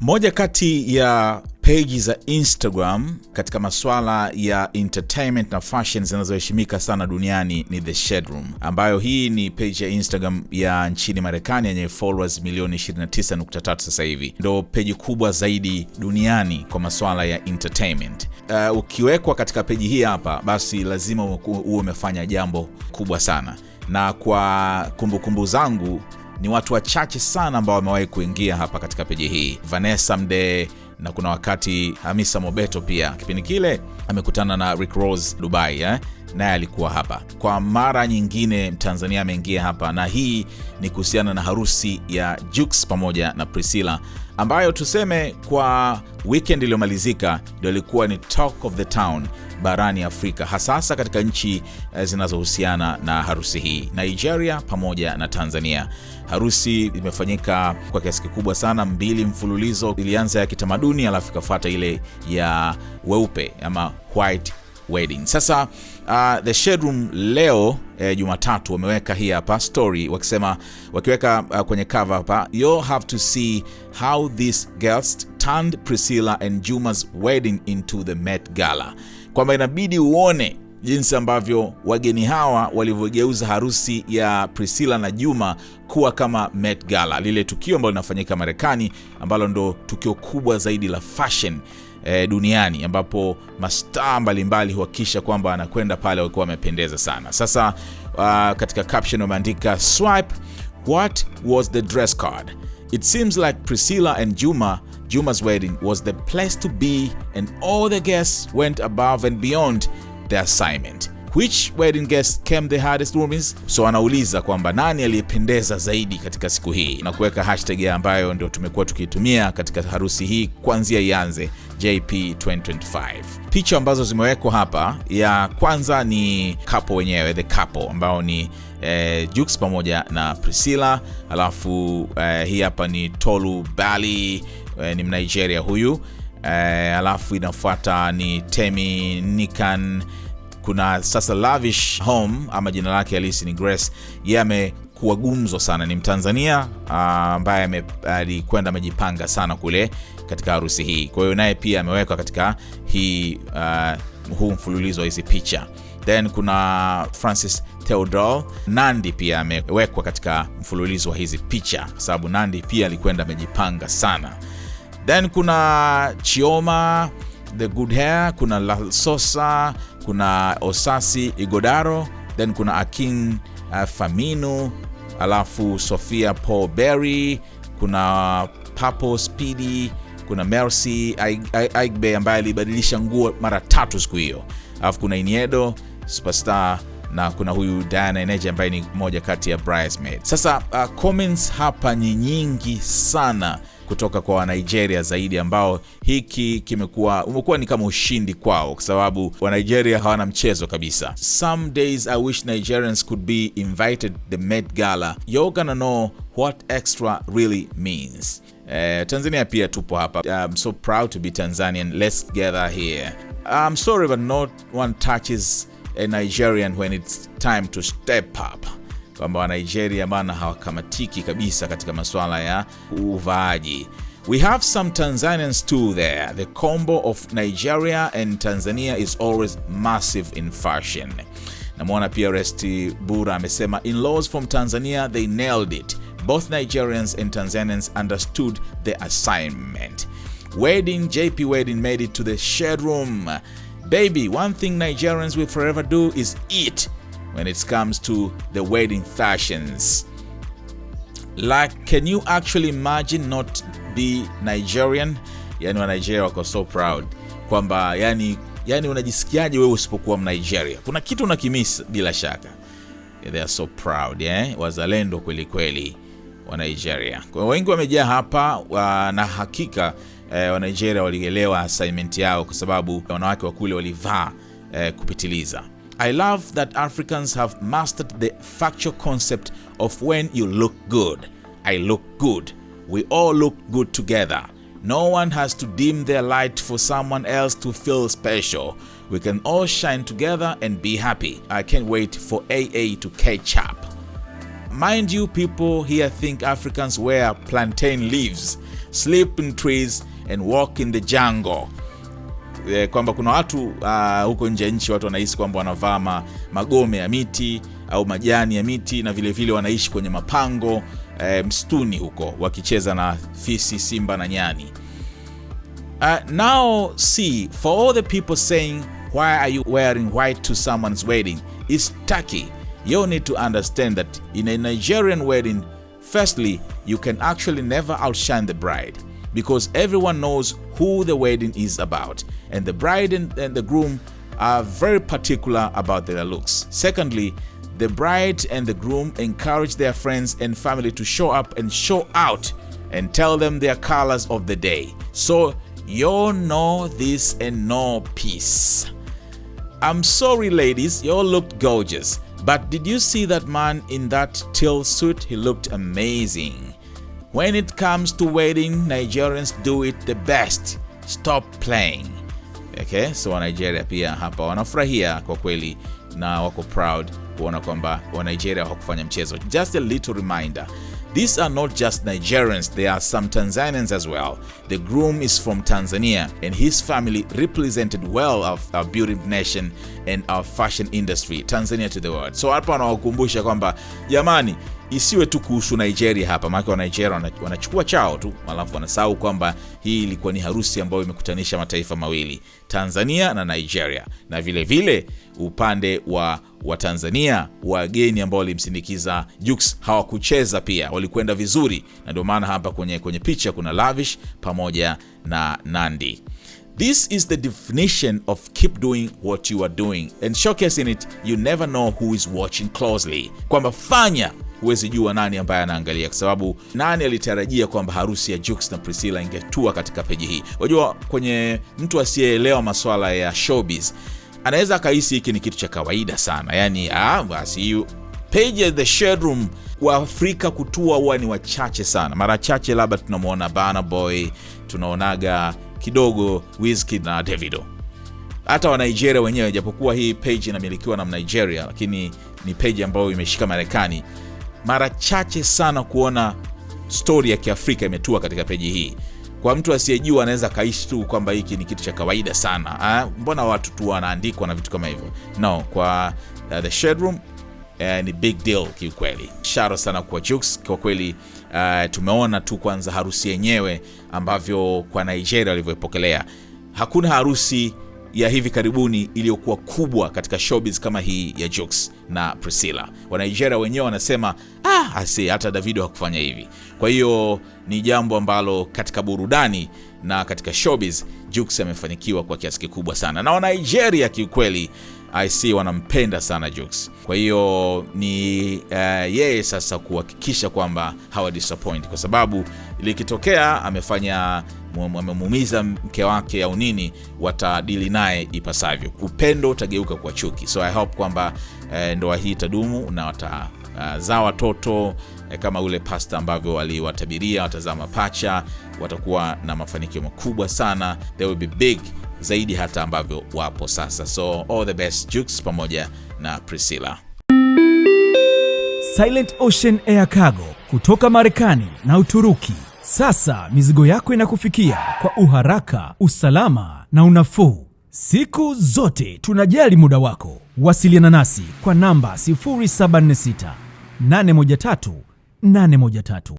Moja kati ya peji za Instagram katika masuala ya entertainment na fashion zinazoheshimika sana duniani ni The Shade Room, ambayo hii ni peji ya Instagram ya nchini Marekani yenye followers milioni 29.3 sasa hivi, ndo peji kubwa zaidi duniani kwa masuala ya entertainment. Uh, ukiwekwa katika peji hii hapa, basi lazima uwe umefanya jambo kubwa sana, na kwa kumbukumbu kumbu zangu ni watu wachache sana ambao wamewahi kuingia hapa katika peji hii, Vanessa Mdee na kuna wakati Hamisa Mobeto pia kipindi kile amekutana na Rick Rose Dubai eh? naye alikuwa hapa kwa mara nyingine. Mtanzania ameingia hapa, na hii ni kuhusiana na harusi ya Jux pamoja na Priscilla ambayo tuseme kwa weekend iliyomalizika ndio ilikuwa ni talk of the town barani Afrika, hasa katika nchi eh, zinazohusiana na harusi hii, Nigeria pamoja na Tanzania. Harusi imefanyika kwa kiasi kikubwa sana, mbili mfululizo. Ilianza ya kitamaduni, alafu ikafuata ile ya weupe ama White Wedding. Sasa uh, The Shedroom leo eh, Jumatatu wameweka hii hapa story wakisema wakiweka uh, kwenye cover hapa you have to see how these girls turned Priscilla and Juma's wedding into the Met Gala, kwamba inabidi uone jinsi ambavyo wageni hawa walivyogeuza harusi ya Priscilla na Juma kuwa kama Met Gala, lile tukio ambalo linafanyika Marekani ambalo ndo tukio kubwa zaidi la fashion e, duniani ambapo mastaa mbalimbali huhakikisha kwamba anakwenda pale wakiwa wamependeza sana. Sasa uh, katika caption wameandika swipe what was the dress card it seems like Priscilla and Juma Juma's wedding was the place to be and all the guests went above and beyond the assignment which wedding guest came the hardest warmest? So anauliza kwamba nani aliyependeza zaidi katika siku hii na kuweka hashtag ambayo ndio tumekuwa tukiitumia katika harusi hii kuanzia ianze JP 2025. Picha ambazo zimewekwa hapa, ya kwanza ni kapo wenyewe, the couple ambao ni eh, Jux pamoja na Priscilla, alafu eh, hii hapa ni Tolu Bali eh, ni Mnigeria huyu eh, alafu inafuata ni Temi Nikan kuna sasa Lavish Home ama jina lake alisi ni Grace, yeye amekuwa gumzo sana, ni Mtanzania ah, ambaye alikwenda amejipanga sana kule katika harusi hii. Kwa hiyo naye pia amewekwa katika hii uh, huu mfululizo wa hizi picha. Then kuna Francis Theodore Nandi pia amewekwa katika mfululizo wa hizi picha, kwa sababu Nandi pia alikwenda amejipanga sana. Then kuna Chioma the good hair, kuna Lasosa, kuna Osasi Igodaro, then kuna Akin uh, Faminu, alafu Sofia Paul Berry, kuna Papo Speedy, kuna Mercy Aigbe ambaye alibadilisha nguo mara tatu siku hiyo, alafu kuna Iniedo Superstar na kuna huyu Diana Eneje ambaye ni moja kati ya bridesmaid. Sasa uh, comments hapa ni nyingi sana kutoka kwa Wanigeria zaidi, ambao hiki kimekuwa umekuwa ni kama ushindi kwao, kwa sababu Wanigeria hawana mchezo kabisa. Some days I wish Nigerians could be invited the med Gala. You're gonna know what extra really means. Eh, Tanzania pia tupo hapa. I'm so proud to be Tanzanian. Let's gather here. I'm sorry but not one touches a Nigerian when it's time to step up kwamba wa Nigeria bana hawakamatiki kabisa katika masuala ya uvaaji. We have some Tanzanians too there. The combo of Nigeria and Tanzania is always massive in fashion. Namwona pia Resti Bura amesema in-laws from Tanzania they nailed it. Both Nigerians and Tanzanians understood the assignment. Wedding, JP Wedding made it to the shed room. Baby, one thing Nigerians will forever do is eat when it comes to the wedding fashions. Like, can you actually imagine not be Nigerian? Yani wa Nigeria wako so proud kwamba yani, yani unajisikiaje wewe usipokuwa Mnigeria? Kuna kitu unakimisa bila shaka. They are so proud eh? Wazalendo kweli kweli wa Nigeria. Kwa wengi wamejaa hapa wa, na hakika eh, wa Nigeria walielewa assignment yao kwa sababu wanawake wa kule walivaa eh, kupitiliza. I love that Africans have mastered the factual concept of when you look good. I look good. We all look good together. No one has to dim their light for someone else to feel special. We can all shine together and be happy. I can't wait for AA to catch up. Mind you, people here think Africans wear plantain leaves, sleep in trees, and walk in the jungle. eh, kwamba kuna watu a, ah, huko nje ya nchi watu wanahisi kwamba wanavaa magome ya miti au majani ya miti na vilevile vile wanaishi kwenye mapango eh, mstuni huko wakicheza na fisi, simba na nyani. Uh, now see for all the people saying why are you wearing white to someone's wedding is tacky you need to understand that in a Nigerian wedding firstly you can actually never outshine the bride because everyone knows who the wedding is about and the bride and, and the groom are very particular about their looks. Secondly, the bride and the groom encourage their friends and family to show up and show out and tell them their colors of the day. So you know this and know peace. I'm sorry, ladies, you all looked gorgeous. But did you see that man in that teal suit? He looked amazing. When it comes to wedding, Nigerians do it the best. Stop playing. okay? So wanigeria pia hapa wanafurahia kwa kweli na wako proud kuona kwamba wanigeria wakufanya mchezo. Just a little reminder These are not just Nigerians, there are some Tanzanians as well. The groom is from Tanzania and his family represented well of our beauty nation and our fashion industry. Tanzania to the world. So hapa wanawakumbusha kwamba jamani isiwe tu kuhusu Nigeria hapa, maana wa Nigeria wanachukua chao tu, alafu wanasahau kwamba hii ilikuwa ni harusi ambayo imekutanisha mataifa mawili, Tanzania na Nigeria, na vile vile upande wa Watanzania wageni ambao walimsindikiza u hawakucheza pia, walikwenda vizuri, na ndio maana hapa kwenye, kwenye picha kuna Lavish pamoja na Nandi. This is the definition of keep doing what you are doing and showcasing it. You never know who is watching closely, kwamba fanya huwezi jua nani ambaye anaangalia, kwa sababu nani alitarajia kwamba harusi ya Jux na Priscilla ingetua katika peji hii? Unajua, kwenye mtu asiyeelewa maswala ya showbiz anaweza akahisi hiki ni kitu cha kawaida sana, yani ah, basi page ya The Shade Room afrika kutua huwa ni wachache sana. Mara chache labda tunamwona Burna Boy, tunaonaga kidogo Wizkid na Davido, hata wa Nigeria wenyewe, japokuwa hii page inamilikiwa na Mnigeria, lakini ni page ambayo imeshika Marekani mara chache sana kuona stori ya Kiafrika imetua katika peji hii. Kwa mtu asiyejua anaweza kaishi tu kwamba hiki ni kitu cha kawaida sana ha? Ah, mbona watu tu wanaandikwa na vitu kama hivyo? No, kwa uh, The shedroom uh, eh, ni big deal kiukweli. Sharo sana kwa Jux kwa kweli. Uh, tumeona tu kwanza harusi yenyewe ambavyo kwa Nigeria walivyopokelea. Hakuna harusi ya hivi karibuni iliyokuwa kubwa katika showbiz kama hii ya Jux na Priscilla. Wanigeria wenyewe wanasema ah, asi hata Davido hakufanya hivi. Kwa hiyo ni jambo ambalo katika burudani na katika showbiz Jux amefanikiwa kwa kiasi kikubwa sana, na Wanigeria kiukweli I see wanampenda sana Jux. Kwa hiyo ni uh, yeye sasa kuhakikisha kwamba hawa disappoint kwa sababu likitokea amefanya amemuumiza mke wake au nini, watadili naye ipasavyo. Upendo utageuka kwa chuki. So I hope kwamba eh, ndoa hii itadumu na watazaa eh, uh, watoto eh, kama ule pasta ambavyo waliwatabiria watazaa mapacha, watakuwa na mafanikio makubwa sana. They will be big zaidi hata ambavyo wapo sasa. So all the best Jux pamoja na Priscilla. Silent Ocean Air Cargo kutoka Marekani na Uturuki sasa mizigo yako inakufikia kwa uharaka, usalama na unafuu. Siku zote tunajali muda wako. Wasiliana nasi kwa namba 076 813 813.